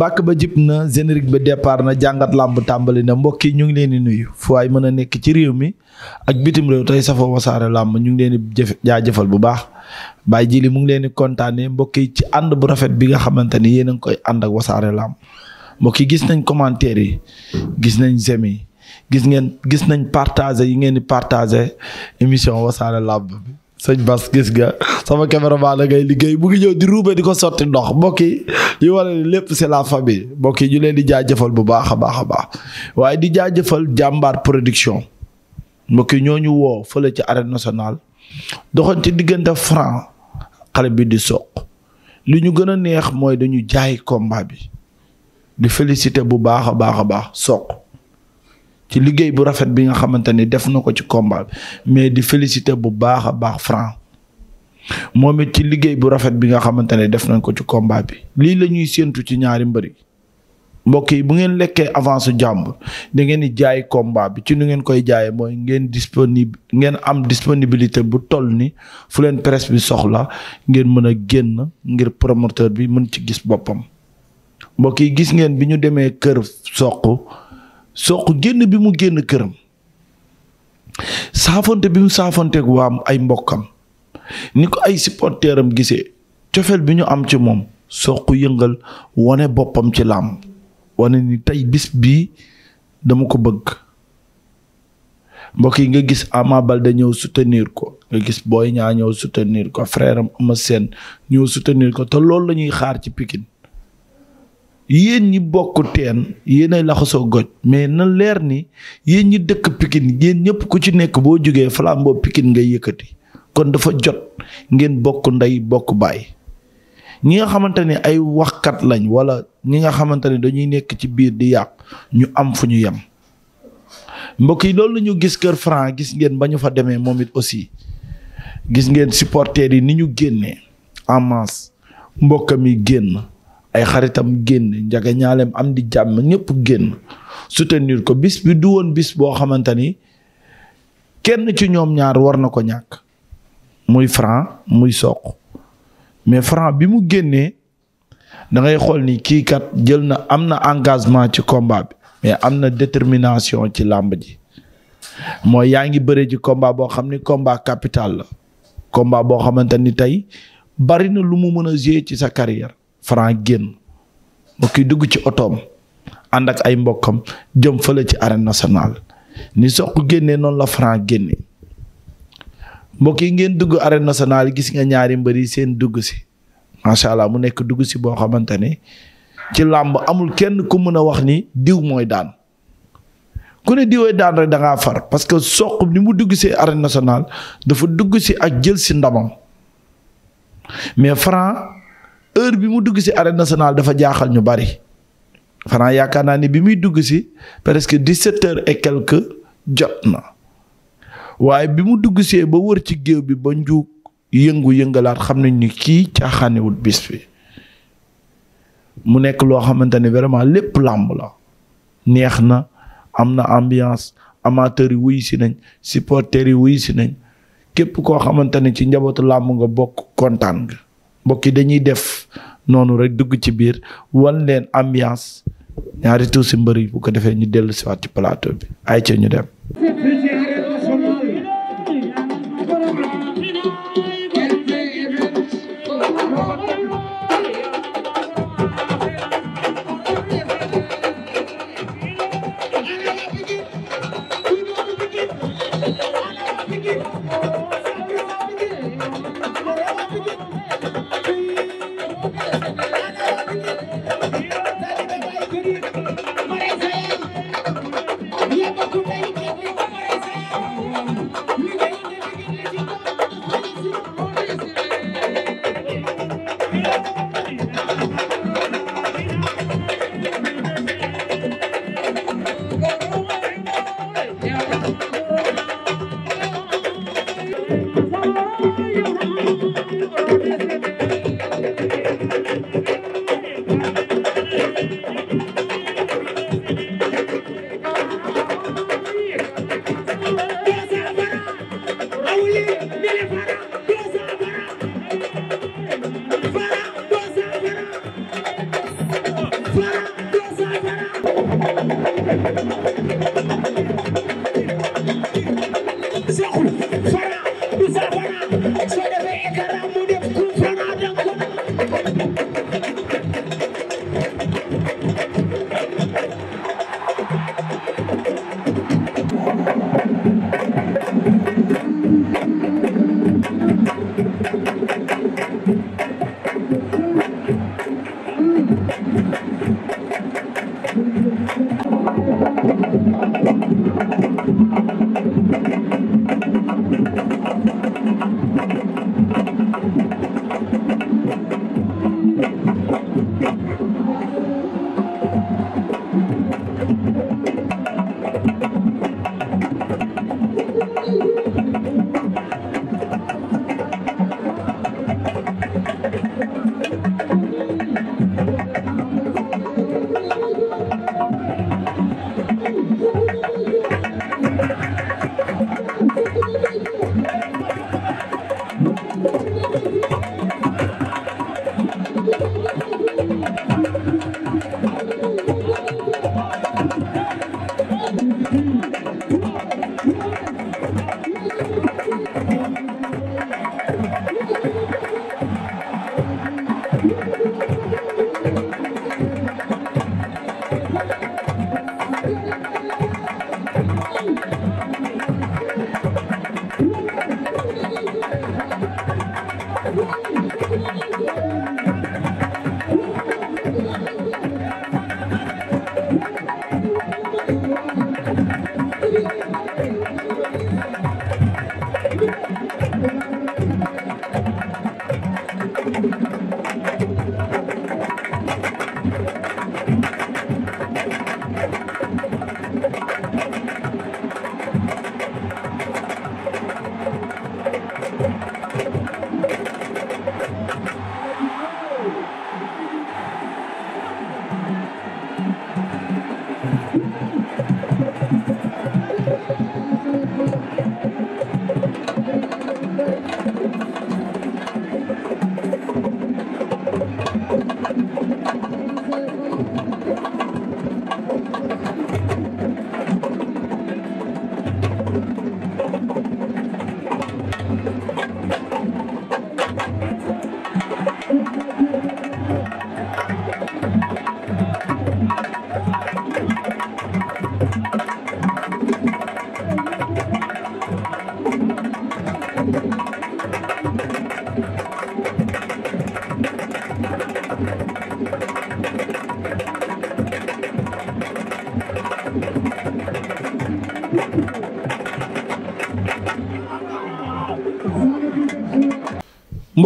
bàkk ba jib na générique bi départ na jàngat làmb tàmbali na mbokk yi ñu ngi leen di nuyu fu mën a nekk ci réew mi ak bitim réew tey safoo wasaare làmb ñu ngi leen di jëf jaajëfal bu baax Baye Jili mu ngi leen di kontaanee mbokk yi ci ànd bu rafet bi nga xamante ni yéen a ngi koy ànd ak wasaare làmb mbokk yi gis nañ commentaire yi gis nañ j'aime gis ngeen gis nañ partager yi ngeen di partager émission wasaare làmb sëñ Bas gis ga sama caméraman la ngay liggéey mu ngi ñëw di ruube di ko sotti ndox mbokk yi ñu war lépp c'est la famille mbokk yi ñu leen di jaajëfal bu baax a baax a baax waaye di jaajëfal jàmbaar production mbokk yi ñoo ñu woo fële ci arène nationale doxoon ci diggante franc xale bi di soq li ñu gën a neex mooy dañu jaay combat bi di félicité bu baax a baax a baax soq. ci liggéey bu rafet bi nga xamante ni def na ko ci combat bi mais di félicité bu baax a baax Franc moom it ci liggéey bu rafet bi nga xamante ne def nañ ko ci combat bi lii la ñuy séentu ci ñaari mbëri mbokk yi bu ngeen lekkee avance jàmbur da ngeen di jaay komba bi ci nu ngeen koy jaayee mooy ngeen disponible ngeen am disponibilité bu toll ni fu leen presse bi soxla ngeen mën a génn ngir promoteur bi mën ci gis boppam mbokk yi gis ngeen bi ñu demee kër soq Sokh génn bi mu génn këram saafante bi mu saafanteeg waa ay mbokkam ni ko ay supporteram gisee cofeel bi ñu am ci moom Sokh yëngal wane boppam ci làmb wane ni tey bis bii dama ko bëgg mbokk yi nga gis Ama Baldé ñëw soutenir ko nga gis booy Niang ñëw soutenir ko frère am Eumeu Sène ñëw soutenir ko te loolu la ñuy xaar ci pikin yéen ñi bokk teen yéenay laxasoo goj mais na leer ni yéen ñi dëkk Pikine yéen ñëpp ku ci nekk boo jógee flambeau pikin ngay yëkkati kon dafa jot ngeen bokk ndey bokk baay ñi nga xamante ne ay waxkat lañ wala ñi nga xamante ne dañuy nekk ci biir di yàq ñu am fu ñu yem mbokk yi loolu la ñu gis Kër Franc gis ngeen ba ñu fa demee moom it aussi gis ngeen supporters yi ni ñu génnee en masse mbokkam yi génn. ay xaritam génn njaga ñaaleem am di jàmm ñëpp génn soutenir ko bis bi du woon bis boo xamante ni kenn ci ñoom ñaar war na ko ñàkk muy Franc muy Sokh mais Franc bi mu génnee dangay xool ni kii kat jël na am na engagement ci combat bi mais am na détermination ci làmb ji mooy yaa ngi bëre ji combat boo xam ni combat capital la combat boo xamante ni tey bari na lu mu mën a jouer ci sa carrière Franc génn ba kuy dugg ci otoom ànd ak ay mbokkam jëm fële ci arène nationale ni soq génnee noonu la Franc génne mbokk yi ngeen dugg arène nationale gis nga ñaari mbër yi seen dugg si macha allah mu nekk dugg si boo xamante ne ci làmb amul kenn ku mën a wax ni diw mooy daan ku ne diwee daan rek da far parce que soq ni mu dugg si arène nationale dafa dugg si ak jël si ndamam mais Franc heure bi mu dugg si arène nationale dafa jaaxal ñu bari Franc yaakaar naa ni bi muy dugg si presque dix-sept heures et quelques jot na waaye bi mu dugg see ba wër ci géew bi ba njuug yëngu-yëngalaat xam nañ ni kii caaxaanewul bis bi mu nekk loo xamante ne vraiment lépp làmb la neex na am na ambiance amateurs yi wuy si nañ supporters yi wuy si nañ képp koo xamante ne ci njabootu làmb nga bokk kontaan nga mbokk yi dañuy def noonu rek dugg ci biir wan leen ambiance ñaari tuuti mbër yi bu ko defee ñu dellu si waat ci plateau bi ay ca ñu dem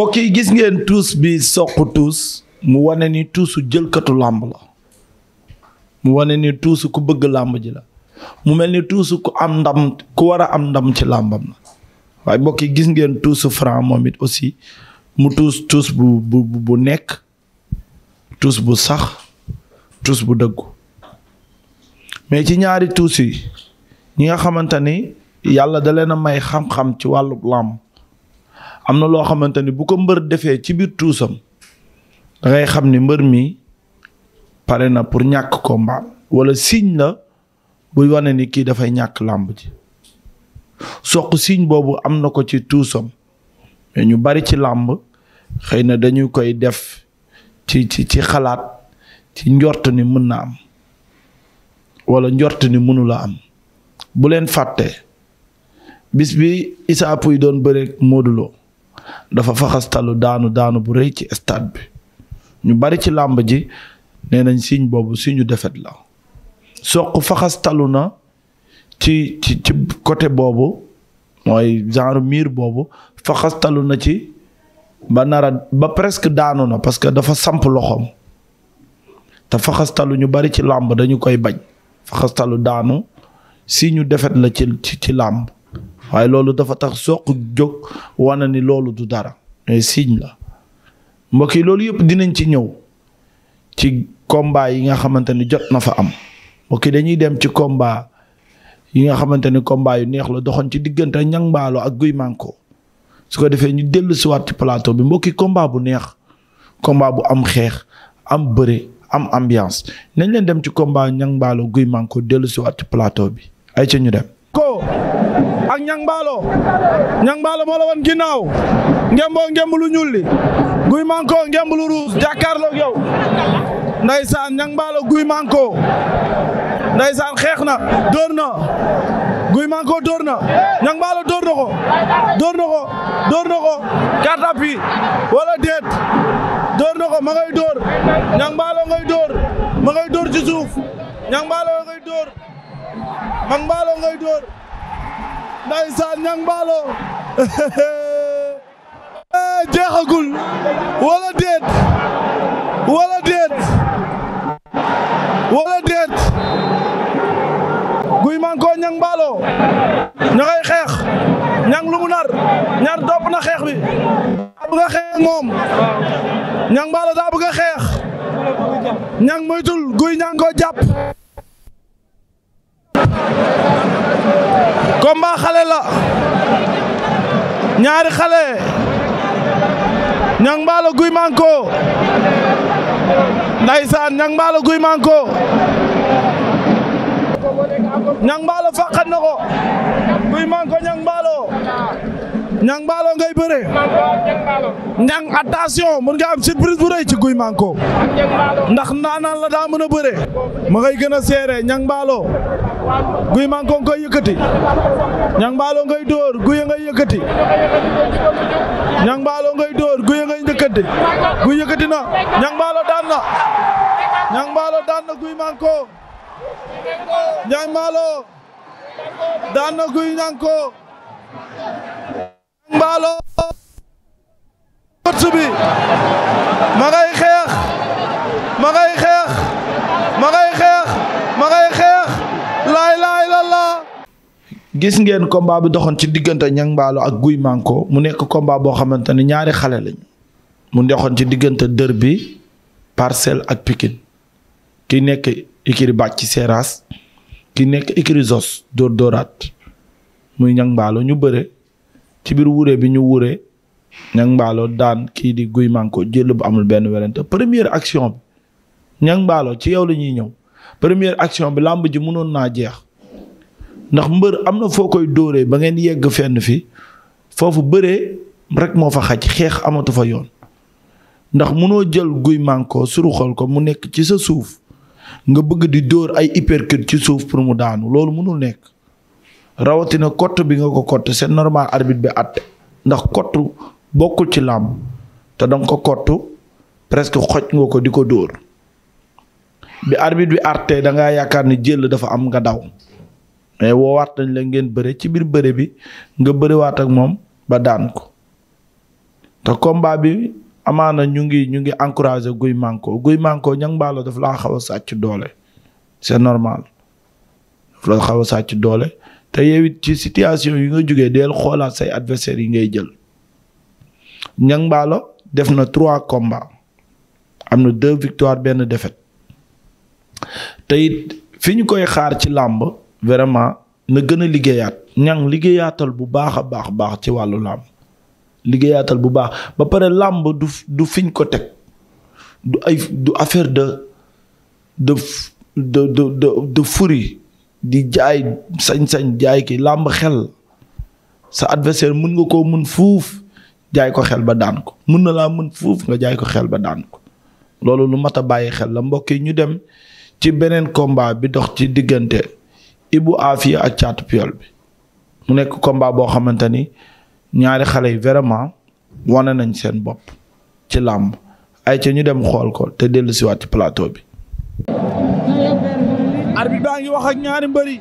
mbokk yi gis ngeen tuus bi soq tuus mu wane ni tuusu jëlkatu làmb la mu wane ni tuusu ku bëgg làmb ji la mu mel ni tuusu ku am ndam ku war a am ndam ci làmbam la waaye mbokk yi gis ngeen tuusu franc moom it aussi mu tuus tuus bu bu nekk tuus bu sax tuus bu dëggu mais ci ñaari tuus ñi nga xamante ni yàlla da leen a may xam-xam ci wàllu làmb am na loo xamante ni bu ko mbër defee ci biir tuusam dangay xam ni mbër mi pare na pour ñàkk combat wala siiñ la buy wane ni kii dafay ñàkk làmb ji soq siiñ boobu am na ko ci tuusam mais ñu bari ci làmb xëy na dañu koy def ci ci ci xalaat ci njort ni mën na am wala njort ni mënula am bu leen fàtte bis bi Issa Pouye doon bëreek Modou dafa faxastalu daanu daanu bu rëy ci stade bi ñu bari ci làmb ji nee nañ signe boobu suñu defet la soq faxastalu na ci ci ci côté boobu mooy genre miir boobu faxastalu na ci ba nara ba presque daanu na parce que dafa samp loxoom te faxastalu ñu bari ci làmb dañu koy bañ faxastalu daanu si defet la ci ci làmb waaye loolu dafa tax soq jóg wana ni loolu du dara mais signe la mbokk yi loolu yëpp dinañ ci ñëw ci combat yi nga xamante ni jot na fa am mbokk yi dañuy dem ci combat yi nga xamante ni combat yu neex la doxoon ci diggante Niang Ballo ak Guy Manko su ko defee ñu dellu si waat ci plateau bi mbokki combat bu neex combat bu am xeex am bëre am ambiance nañ leen dem ci combat Niang Ballo Guy Manko dellu si waat plateau bi ay ca ñu dem ak ñang mbaalo ñang mbaalo moo la woon ginnaaw ngemboo ngemb lu ñuul li guy manko ngemb lu ruus jàkkaarloog yow ndaysaan ñang mbaalo guy manko ndaysaan xeex na dor na guy manko dor na ñang mbaalo dóor na ko dóor na ko dóor na ko katapi wala déet dóor na ko ma ngay dóor ngay dóor ma ngay dóor ngay dóor ñang mbaalo ngay dóor ndeysaan ñang mbaalo eh, jeexagul wala déet wala déet wala déet guy manko ñang mbaalo ña ngay xeex ñang lu mu dopp na xeex bi daa bëgg a xeex moom ñang mbaalo daa bëgg a xeex ñang moytul guy ñang ko jàpp combat xale la ñaari xale ñang mbaalo guy manko ndaysaan ñang mbaalo guy manko ñang mbaalo faqat na ko guy manko ñang mbaalo ñang mbaalo ngay bëre ñang attention mën nga am surprise ci guy manko ndax ndaanaan la daa mën a ma ngay gën a seere ñang mbaalo guy maa ngi koy yëkkati ñang mbaalo ngay dóor guy ngay yëkkati ñang mbaalo ngay dóor guy ngay njëkkati guy yëkkati na ñang mbaalo daan na mbaalo daan guy maa ngi ko ñang mbaalo daan guy ñang ko ñang mbaalo bi ma ngay xeex laa ilaaha illallaah gis ngeen combat bi doxoon ci diggante Niang Ballo ak Guy Manko mu nekk combat boo xamante ne ñaari xale lañ mu doxoon ci diggante dër bi Parcelles ak Pikine ki nekk ikiri bàcc ci seeraas ki nekk ikiri zos dóor dóoraat muy Niang Ballo ñu bëre ci biir wuure bi ñu wuure Niang Ballo daan kii di Guy Manko jël bu amul benn werante première action bi Niang Ballo ci yow lañuy ñëw première action bi làmb ji mënoon naa jeex ndax mbër am na foo koy dóoree ba ngeen yegg fenn fi foofu bëree rek moo fa xaj xeex amatu fa yoon ndax mënoo jël guy mànkoo suruxal ko mu nekk ci sa suuf nga bëgg di dóor ay uppercut ci suuf pour mu daanu loolu mënul nekk rawatina kott bi nga ko kott seen normal arbitre bi àtte ndax kott bokkul ci làmb te danga ko kott presque xoj nga ko di ko dóor bi arbitre bi àttee da ngaa yaakaar ni jël dafa am nga daw mais woowaat nañ la ngeen bëre ci biir bëre bi nga bëriwaat ak moom ba daan ko te combat bi amaana ñu ngi ñu ngi encouragé guy manko guy manko ñang mbaalo daf laa xaw a sàcc doole c'est normal daf la xaw a sàcc doole te yow it ci situation yi nga jógee deel xoolaat say adversaires yi ngay jël ñang def na trois combats am na deux victoires benn défaite te it fi ñu koy xaar ci làmb vraiment na gën a liggéeyaat ñang liggéeyaatal bu baax a baax baax ci wàllu làmb liggéeyaatal bu baax ba pare làmb du du fiñ ko teg du ay du affaire de de de de de furi di jaay sañ-sañ jaay ki làmb xel sa adversaire mën nga koo mën fuuf jaay ko xel ba daan ko mën na laa mën fuuf nga jaay ko xel ba daan ko loolu lu mat a bàyyi xel la mbokk yi ñu dem ci beneen combat bi dox ci diggante Ibou Afia ak Thiatou Piol bi mu nekk komba boo xamante ni ñaari xale yi vraiment wane nañ seen bopp ci làmb ay ca ñu dem xool ko te dellu siwaat ci plateau bi. arbitre baa ngi wax ak ñaari mbëri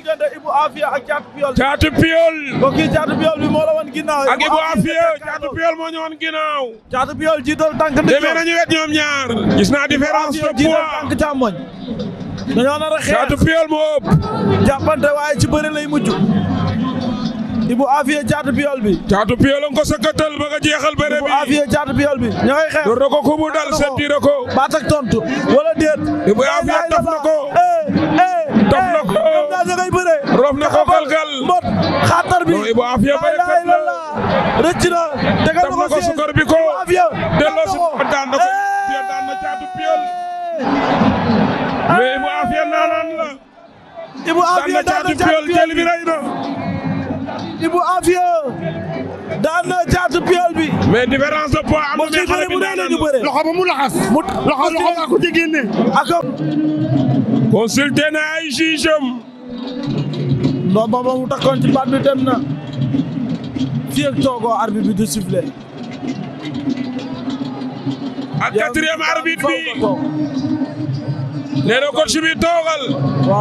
diggante Ibou Afia ak Caatu Piyol. Caatu Piyol. mbokk yi Caatu Piyol bi moo la woon ginnaaw. ak Ibou Afia Caatu Piyol moo ñu woon ginnaaw. Caatu Piyol jiital tànk na. demee nañu wet ñoom ñaar. gis naa différence de poids jiital tànk càmmoñ. dañoo nar a xeex Caatu Piyol moo ëpp. jàppante waaye ci bëri lay mujj. Ibou Afia Caatu Piyol bi. Caatu Piyol nga ko sëkkatal ba nga jeexal bëre bi. Ibou Afia Caatu Piyol bi. ña ngay xeex. door na ko kubu dal sentiir ko. baat ak tontu wala déet. Ibou Afia taf na ko. taf eh, eh, na eh. ko. da ngay bëre roof na ko galgal mbot xatar bi Ibou Afia bay kat la rëcc na tegal na ko sukar bi ko delloo si daan na ko piel daan na caatu piel mais Ibou Afia naanaan la Ibou Afia daan na caatu piel jël bi rey na Ibou Afia daan na caatu piel bi mais différence de poids am na xale bi daan na loxo ba mu laxas loxo loxo ba ko ci génne ak consulté na ay jugeem ndomba ba mu ci baat na fii ak toogoo arbitre bi du sifflé ak bi nee na coach toogal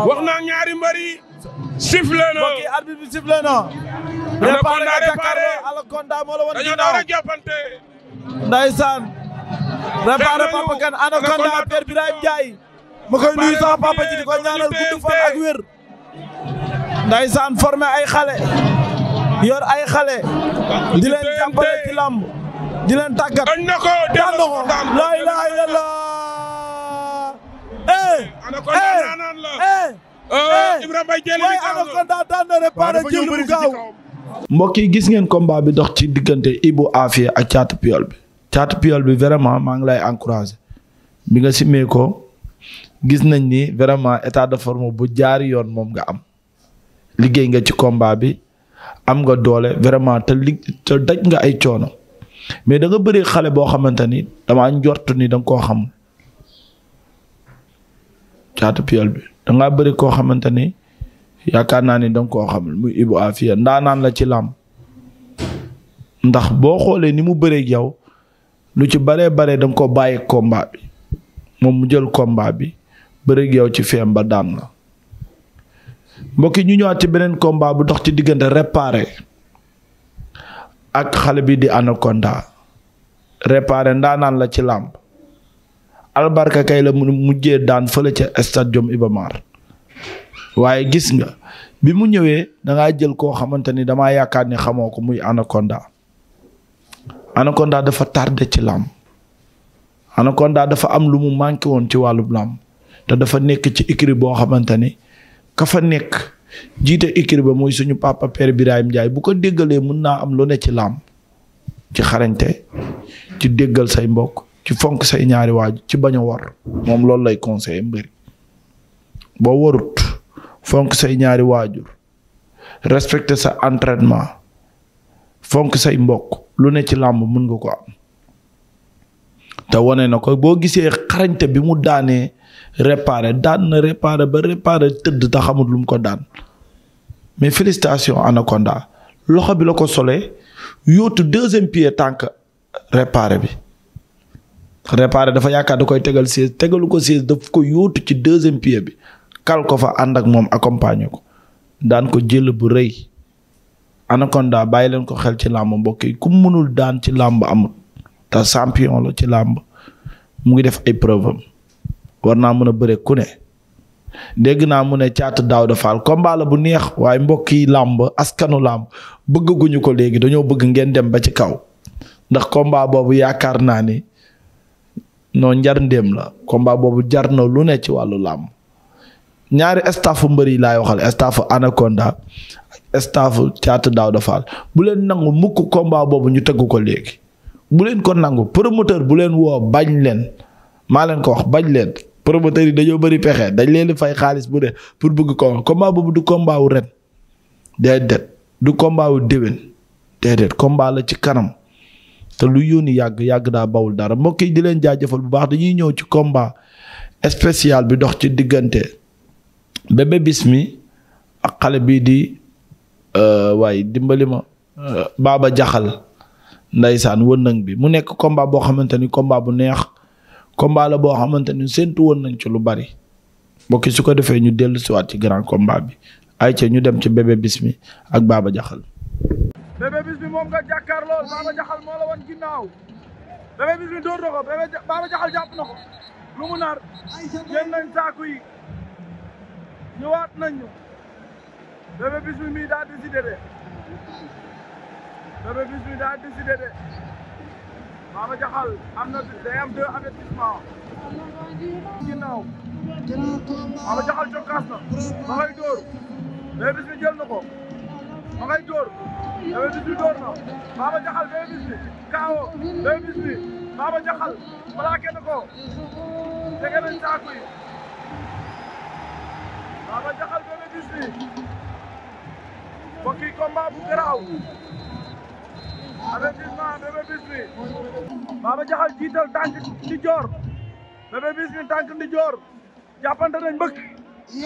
wax naa ñaari mbari sifflé na mbokk yi arbitre bi na Anaconda réparé Anaconda moo la woon dañoo daw rek jàppante ndeysaan réparé Papa Kane Anaconda Père Birahim Ndiaye ma koy ak wér ndaysaan formé ay xale yor ay xale di leen jàppale ci làmb di leen tàggat daan na ko laa ilaaha illallaah eh eh eh, oh, eh Ibrahima Jeli bi Anaconda daan na réparé bu gaaw mbokk gis ngeen combat bi dox ci diggante Ibou Afia ak Thiatou Piyol bi Thiatou Piyol bi vraiment maa ngi lay encouragé bi nga simmee ko gis nañ ni vraiment état de forme bu jaari yoon moom nga am liggéey nga ci komba bi am nga doole vraiment te li te daj nga ay coono mais danga nga xale boo xamante ni damaa njort ni da koo xam Caatu Piyol bi danga ngaa koo xamante ni yaakaar naa ni da nga koo xamul muy Ibou Afia ndaanaan la ci làmb ndax boo xoolee ni mu bëreeg yow lu ci baree bare da nga ko bàyyi combat bi moom mu jël komba bi bëreeg yow ci feem ba daan la. mbokk yi ñu ñëwaat ci beneen combat bu dox ci diggante réparé ak xale bi di Anaconda réparé ndaanaan la ci làmb albarka kay la mujjee daan fële ca stade Jom Iba Mar waaye gis nga bi mu ñëwee dangaa jël koo xamante ni damaa yaakaar ni xamoo ko muy Anaconda anakonda dafa tardé ci làmb Anaconda dafa am lu mu manqué woon ci wàllu làmb te dafa nekk ci écurie boo xamante ni ka fa nekk jiite écurie ba muy suñu papa père Birahim Ndiaye bu ko déggalee mun naa am lu ne ci làmb ci xarañte ci déggal say mbokk ci fonk say ñaari waaju ci bañ a war moom loolu lay conseillé mbëri boo warut fonk say ñaari waajur respecter sa entraînement fonk say mbokk lu ne ci làmb mun nga ko am te wane na ko boo gisee xarañte bi mu daanee réparé daan na réparé ba réparé tëdd te xamul lu ko daan mais félicitation Anaconda loxo bi la ko solee yootu deuxième pied tànk réparé bi réparé dafa yaakaar da koy tegal siis tegalu ko siis daf ko yootu ci deuxième pied bi kal ko fa ànd ak moom accompagner ko daan ko jël bu rëy Anaconda bàyyi leen ko xel ci làmb mbokk yi ku mënul daan ci làmb amut te champion la ci làmb mu ngi def ay preuve war naa mën a bëre ku ne dégg naa mu ne caatu daaw dafaal combat bu neex waaye mbokk yi làmb askanu làmb bëgguñu ko léegi dañoo bëgg ngeen dem ba ci kaw ndax combat boobu yaakaar naa ni noo njar ndéem la combat boobu jar na lu ne ci wàllu làmb ñaari staff mbër yi laay waxal staff Anaconda staff caatu daaw dafaal bu leen nangu mukk combat boobu ñu tegu ko léegi bu leen ko nangu promoteur bu leen woo bañ leen maa leen ko wax bañ leen promoteur yi dañoo bari pexe dañ leen fay xaalis bu dee pour bëgg ko combat boobu du combat wu ren déedéet du combat wu déwén déedéet combat la ci kanam te lu yónni yàgg yàgg daa bawul dara mbokk yi di leen jaajëfal bu baax dañuy ñëw ci combat spécial bi dox ci diggante Bébé Bismi ak xale bii di euh, waaye dimbali ma euh, Baba Jaxal ndaysaan wëndëng bi mu nekk combat boo xamante ni combat bu neex combat la boo xamante ni séntu woon nañ ci lu bari mbokki su ko defee ñu dellu siwaat ci grand combat bi ay ca ñu dem ci bébé bismi ak baaba jaxal bébé bismi moom nga jàkkaar baaba jaxal moo la wan ginnaaw bébé bismi dóor na ko baaba jaxal jàpp na ko lu mu nar yéen nañ saaku yi ñëwaat nañu bébé bismi mii daa décidé de Bébé Bismi daa décidé de Baba Diakhal am na day am deux avertissement ginnaaw Baba Diakhal jokkaas na ma ngay dóor Bébé Bismi jël na ko ma ngay dóor Bébé Bismi dóor na Baba Diakhal Bébé Bismi kaawo Bébé Bismi Baba Diakhal plaqué na ko jege nañ saaku yi Baba Diakhal Bébé Bismi mbokk yi combat bu garaaw avertissement Bébé Bismi Baba Jaxal jiital tànk di joor Bébé Bismi tànk di joor jàppante nañ mbëkk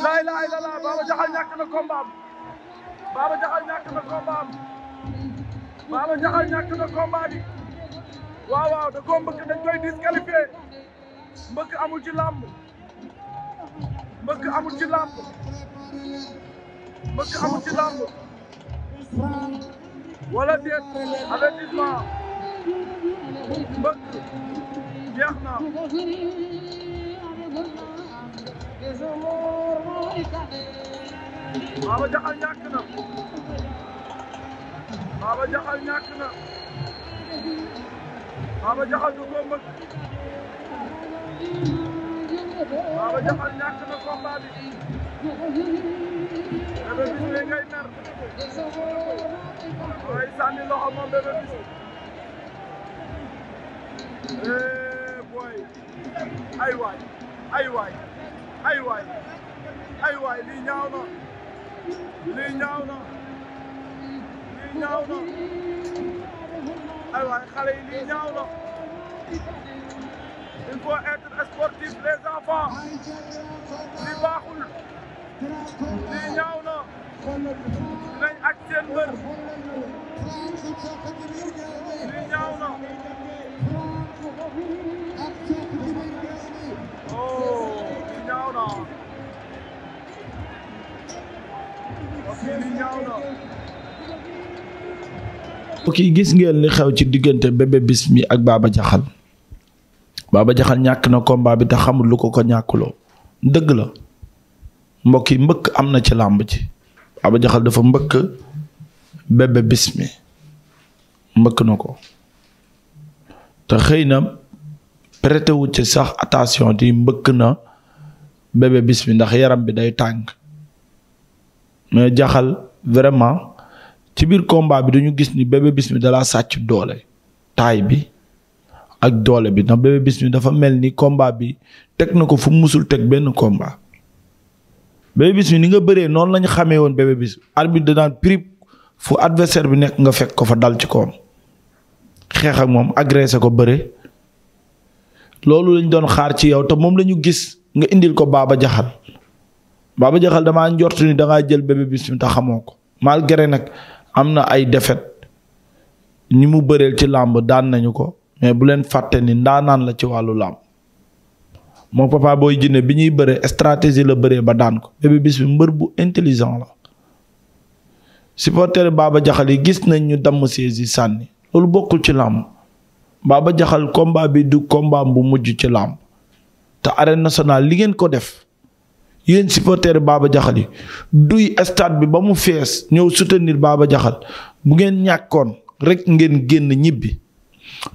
laa ilaaha illallaah Baba Jaxal ñàkk na combat Jaxal ñàkk na combat Jaxal ñàkk na combat bi waaw waaw da koo mbëkk dañ koy disqualifié mbëkk amul ci mbëkk amul ci mbëkk amul ci làmb wala déet avertissement mbëkk jeex na Baba Jaxal ñàkk na Baba Jaxal ñàkk na Baba Jaxal du ko mbëkk Baba Jaxal ñàkk na combat bi Bébé Bismi li ngay nar mooy sànni loxo moom Bébé Bismi eh boy ay waay ay waay ay waay ay waay lii ñaaw na lii ñaaw na lii ñaaw na ay waay xale yi lii ñaaw na il faut être sportif les enfants li baaxul lii oh, gis ngeen li xew ci diggante Bébé Bismi ak Baba Jaxal Baba Jaxal ñàkk na combat bi te xamul lu ko ko ñàkkuloo dëgg la mbokk yi mbëkk am na ci làmb ji Aba Jaxal dafa mbëkk Bébé Bismi mbëkk na ko te xëy na prêté wu ci sax attention di mbëkk na Bébé Bismi ndax yaram bi day tànk mais Jaxal vraiment ci biir combat bi dañu gis ni Bébé Bismi dalaa sàcc doole taay bi ak doole bi ndax Bébé Bismi dafa mel ni combat bi teg na ko fu musul teg benn komba Bébé Bismi ni nga bëree noonu la ñu xamee woon Bébé Bismi arbitre daan prip fu adversaire bi nekk nga fekk ko fa dal ci kawam xeex ak moom sa ko bëre loolu lañ doon xaar ci yow te moom la gis nga indil ko Baba Jaxal Baba Jaxal damaa njort ni dangaa jël Bébé Bismi te xamoo ko malgré nag am na ay défaite ñi mu bëreel ci làmb daan nañu ko mais bu leen fàtte ni ndaanaan la ci wàllu làmb moo Papa Boy Djiné bi ñuy bëree stratégie la bëree ba daan ko Bébé Bismi mbër bu intelligent la supporter Baba Jaxal yi gis nañ ñu damm saisi sànni loolu bokkul ci làmb Baba Jaxal combat bi du kombam bu mujj ci làmb te arène nationale li ngeen ko def yéen supporter Baba Jaxal yi duy stade bi ba mu fees ñëw soutenir Baba Jaxal bu ngeen ñàkkoon rek ngeen génn ñibbi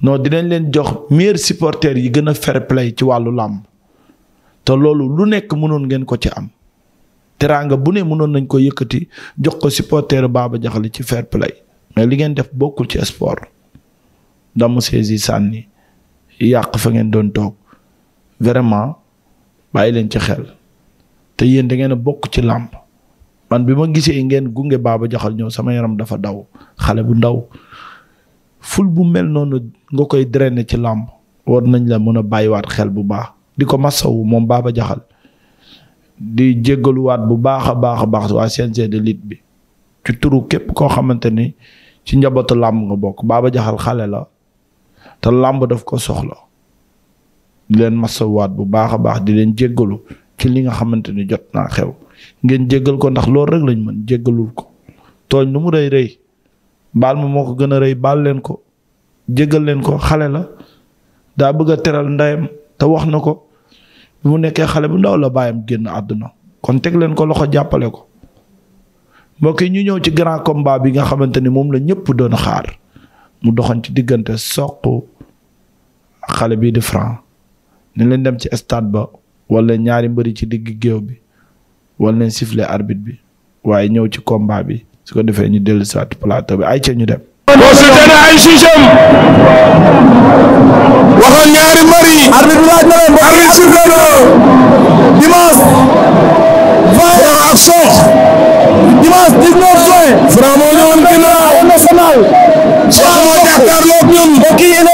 non dinañ leen jox meilleur supporter yi gën a fair play ci wàllu làmb te loolu lu nekk mënoon ngeen ko ci am teraanga bu ne mënoon nañ ko yëkkati jox ko supporter baaba Diakhali ci fair play mais li ngeen def bokkul ci sport damu saisi sànni yàq fa ngeen doon toog vraiment bàyyi leen ci xel te yéen da ngeen bokk ci làmb man bi ma gisee ngeen gunge Baba Diakhali ñëw sama yaram dafa daw xale bu ndaw ful bu mel noonu nga koy drainer ci làmp war nañ la mën a bàyyiwaat xel bu baax di ko masawu moom Baba Jaxal di jéggaluwaat bu baax a baax a baax waa CNG de lutte bi ci turu képp koo xamante ni ci njabootu làmb nga bokk Baba Jaxal xale la te làmb daf ko soxla di leen masawuwaat bu baax a baax di leen jéggalu ci li nga xamante ni jot naa xew ngeen jéggal ko ndax loolu rek lañ mën jéggalul ko tooñ nu mu rëy rëy baal ma moo ko gën a rey baal leen ko jéggal leen ko xale la daa bëgg teral ndeyam te wax na ko bi mu nekkee xale bu ndaw la bàyyam génn àdduna kon teg leen ko loxo jàppale ko mbokk yi ñu ñëw ci grand komba bi nga xamante ni moom la ñëpp doon xaar mu doxoon ci diggante soq xale bii di Franc ni leen dem ci stade ba wala ñaari mbëri ci digg géew bi wala leen siffler arbitre bi waaye ñëw ci combat bi su ko defee ñu dellu dellusiwaat plateau bi ay ca ñu dem. consulté na ay jugeem waxoon ñaari mbër yi arbitre bi laaj na leen arbitre sifflé na dimanche vingt ak Sokh dimanche dix-neuf juin Franc moo ñëwoon ginnaaw national Sokh moo jàkkaarloog ñun mbokk yi ne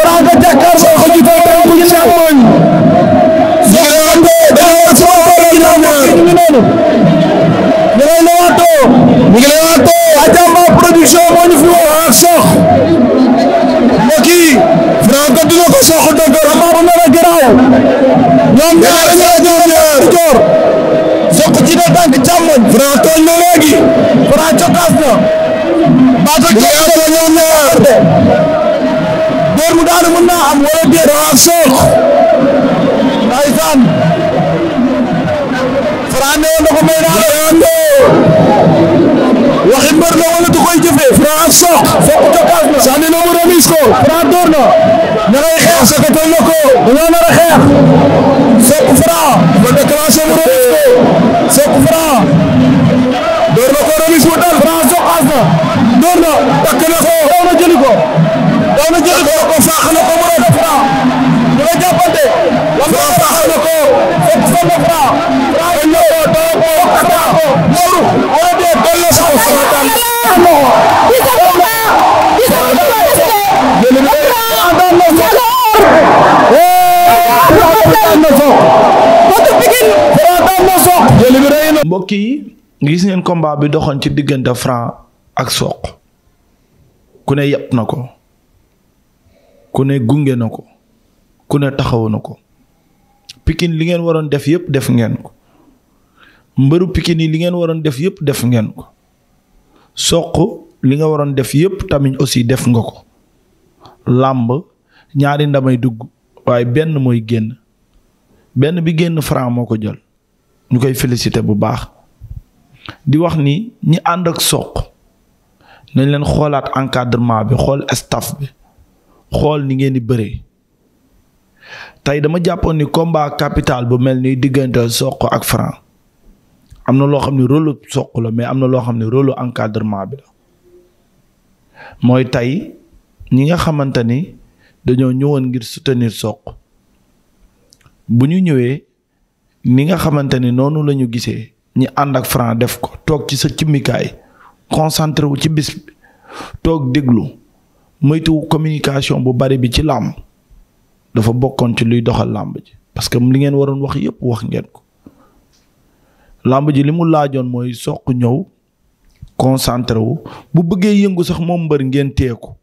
Franc a jàkkaar Sokh ji fa tànku càmmoñ ñu ngi lay waatoo Adiamba production moo ñu fi woo ak ah, Sokh mbokk yi Franco dina ko Sokh dëgg xam bu nar a garaaw ñoom ñaar ñoo ñoo ñaar joor Sokh ci ne tànk càmmoñ Franco na léegi Franco cokaas na baata joor na ñoom ñaar de door mu daanu mën naa am wala déet ak ah, Sokh ndeysaan a sok fokk ko paas na sànni na mu remis ko Franc door na na ngay xeex sakatal na ko dañoo nar a xeex fokk Franc ba déclenché mu remis ko fokk Franc door na ko remis mu dal Franc sok as na door na takk na ko daw na jëli ko daw na jëli ko ko faax na ko mu rëdd Franc ñu nga jàppante lam na faax na ko fokk fan na Franc Franc ñëw daw ko fokk ko ñëw wala déet dal na ko Franc mbokk yi gis ngeen combat bi doxoon ci diggante Franc ak soq ku ne yàpp na ko ku ne gunge na ko ku ne taxawu na ko pikin li ngeen waroon def yëpp def ngeen ko mbëru pikin yi li ngeen waroon def yëpp def ngeen ko Sokh li nga waroon def yëpp tamit aussi def nga ko làmb ñaari ndamay dugg waaye benn mooy génn benn bi génn Franc moo ko jël ñu koy félicité bu baax di wax ni ñi ànd ak soq nañ leen xoolaat encadrement bi xool staff bi xool ni ngeen di bëree tey dama jàppoon ni combat capital bu mel ni diggante soq ak Franc am na loo xam ne rôle soq la mais am na loo xam ne rôle encadrement bi la mooy tey ñi nga xamante ni dañoo ñëwoon ngir soutenir soq bu ñu ñëwee ni nga xamante ni noonu la ñu gisee ñi ànd ak Franc def ko toog ci sa cimmikaay concentré wu ci bis bi toog déglu moytu communication bu bari bi ci làmb dafa bokkoon ci luy doxal làmb ji parce que li ngeen waroon wax yépp wax ngeen ko làmb ji li mu laajoon mooy soq ñëw concentré wu bu bëggee yëngu sax moom mbër ngeen téye ko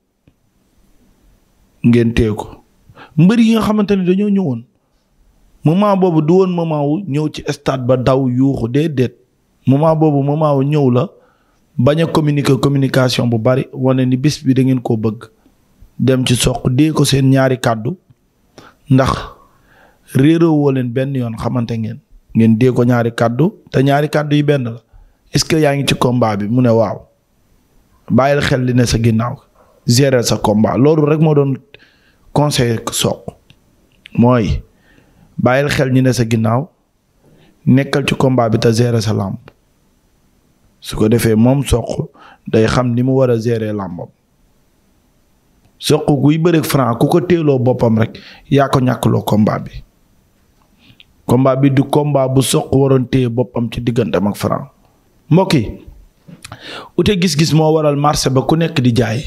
ngeen téye ko mbër yi nga xamante ne dañoo ñëwoon moment boobu du woon moment wu ñëw ci stade ba daw yuuxu déedéet moment boobu moment wu ñëw la baña a communication bu bari wane ni bis bi da ngeen koo bëgg dem ci soq dee ko seen ñaari kàddu ndax réeroo woo leen benn yoon xamante ngeen ngeen dee ko ñaari kàddu te ñaari kàddu yi benn la est-ce que yaa ngi ci combat bi mu ne waaw bàyyil xel li ne sa ginnaaw gérer sa combat loolu rek moo doon conseil soq mooy bàyyil xel ñi ne sa ginnaaw nekkal ci combat bi te gérer sa làmb su ko defee moom soq day xam ni mu war a gérer làmbam soq kuy bëreeg franc ku ko téeloo boppam rek yaa ko ñàkkloo combat bi combat bi du combat bu soq waroon téye boppam ci diggante ak franc mbokk yi ute gis-gis moo waral marché ba ku nekk di jaay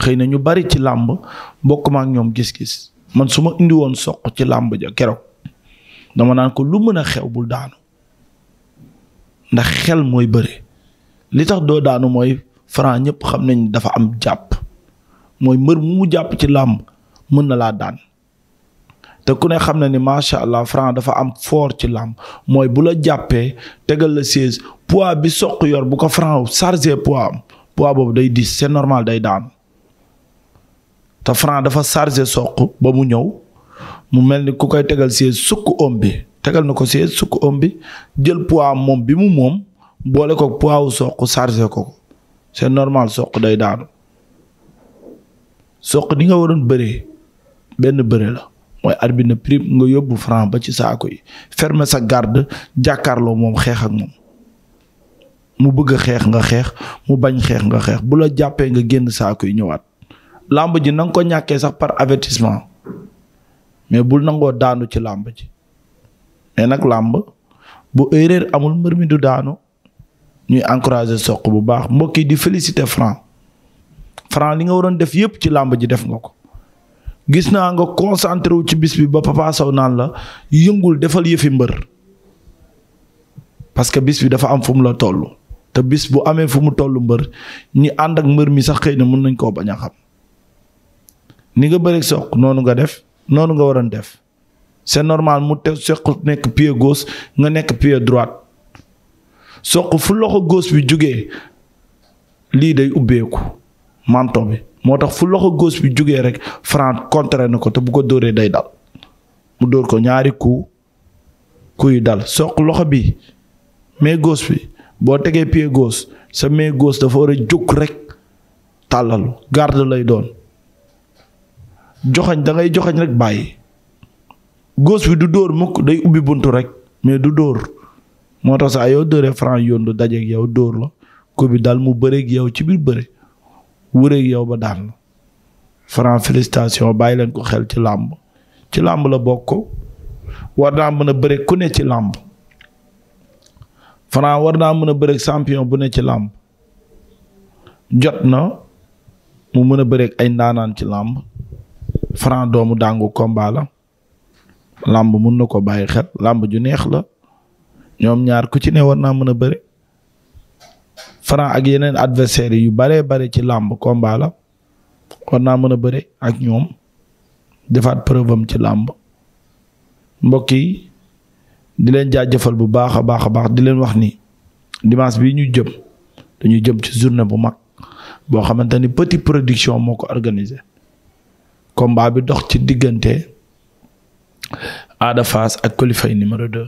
xëy na ñu bari ci làmb bokk ma ñoom gis-gis man su ma indiwoon woon soq ci làmb ja keroog dama naan ko lu mën a xew bul daanu ndax xel mooy bari li tax doo daanu mooy Franc ñëpp xam nañ dafa am jàpp mooy mbër mu mu jàpp ci làmb mën na laa daan te ku ne xam na ni macha allah Franc dafa am fort ci làmp mooy bu la jàppee tegal la siège pois bi soq yor bu ko Franc chargé pois am pois boobu day diis c'est normal day daanu te Franc dafa chargé soq ba mu ñëw mu mel ni ku koy tegal siège sukk om bi tegal na ko siège sukk om bi jël poids moom bi mu moom boole ko poids wu soq chargé ko ko normal soq day daanu soq ni nga waroon bëree benn bëre la. mooy arbitre na nga yóbbu Franc ba ci saako yi fermer sa garde jàkkaarloo moom xeex ak moom mu bëgg xeex nga xeex mu bañ xeex nga xeex bu la jàppee nga génn saako yi ñëwaat làmb ji na nga ko ñàkkee sax par avertissement mais bul nangoo daanu ci làmb ji mais nag làmb bu erreur amul mbër mi du daanu ñuy encourager Sokh bu baax mbokk yi di féliciter Franc Franc li nga waroon def yépp ci làmb ji def nga ko gis naa nga concentré wu ci bis bi ba Papa naan la yëngul defal yëfi mbër parce que bis bi dafa am fu mu la toll te bis bu amee fu mu toll mbër ñi ànd ak mbër mi sax xëy na mën nañ koo bañ a xam ni nga bëreeg soq noonu nga def noonu nga waroon def c'est normal mu te soq nekk pied gauche nga nekk pied droite soq fu loxo gauche bi jógee lii day ubbeeku manto bi moo tax fu loxo góos bi jógee rek Franc contré na ko te bu ko dóoree day dal mu dóor ko ñaari coup coup yu dal soq loxo bi mais gauche bi boo tegee pie gauche sa main góos dafa war a jóg rek tàllalu garde lay doon joxañ dangay ngay joxañ rek bàyyi gauche bi du dóor mukk day ubbi bunt rek mais du dóor moo tax saa yow dóoree Franc yoon du dajeeg yow dóor la coup bi dal mu bëreeg yow ci biir bëre. wëreeg yow ba daan Franc félicitation bàyyi leen ko xel ci làmb ci làmb la bokk war naa mën a bëre ku ne ci làmb Franc war naa mën a bëreeg champion bu ne ci làmb jot na mu mën a bëreeg ay ndaanaan ci làmb Franc doomu dàngu combat làmb mun na ko bàyyi xel làmb ju neex la ñoom ñaar ku ci ne war naa mën a bëre Franc ak yeneen adversaires yu bare bare ci làmb combat la war naa mën a bëre ak ñoom defaat preuve am ci làmb mbokk yi di leen jaajëfal bu baax a baax a baax di leen wax ni dimance bi ñu jëm dañu jëm ci journée bu mag boo xamante ni Petit Production moo ko organisé combat bi dox ci diggante aada fas ak Coly Faye numéro 2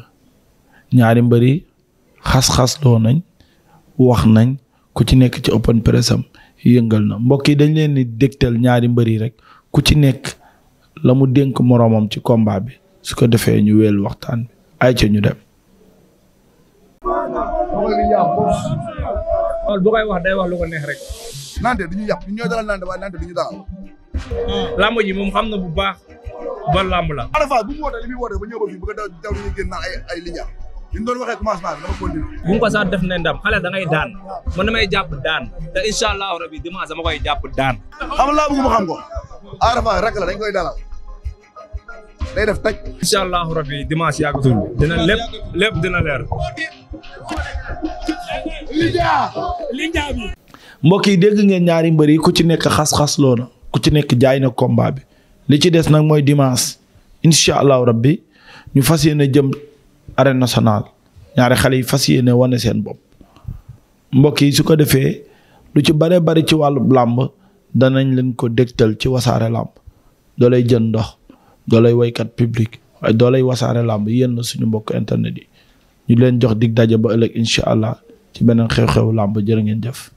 ñaari mbëri xas-xas loo nañ wax nañ ku ci nekk ci open press am yëngal na mbokk yi dañ leen di dégtal ñaari mbër yi rek ku ci nekk la mu dénk moroomam ci combat bi su ko defee ñu wéel waxtaan bi ay ca ñu dem. loolu bu koy wax day wax lu ko neex rek. naante du ñu yàq ñooy dalal naante waaye naante du ñu dalal. làmb ji moom xam na bu baax ba làmb la. Arafa bu mu wootee li muy wootee ba ñëw ba fii bëgg a daw daw dañuy génn ay ay liggéey. li ñu def na ndam xale da ngay daan man jàpp daan te incha allahu rabi dimanche dama daan. xam nga dañ koy dalal def taj. incha allahu rabi dimanche yàggatul dina lépp lépp leer. mbokk yi dégg ngeen ñaari mbër yi ku ci nekk xas-xas loo na ku ci nekk jaay na combat bi li ci des nag mooy dimanche incha allahu rabi ñu fas yéene jëm. arène nationale ñaari xale yi fas yéene wane seen bopp mbokk yi su ko defee lu ci bare bari ci wàllu làmb danañ leen ko dégtal ci wasaare làmb doolay jën ndox doolay woykat public waaye doolay wasaare làmb yéen suñu mbokk internet yi ñu leen jox dig daje ba ëllëg incha allah ci beneen xew-xew làmb jërë ngeen jëf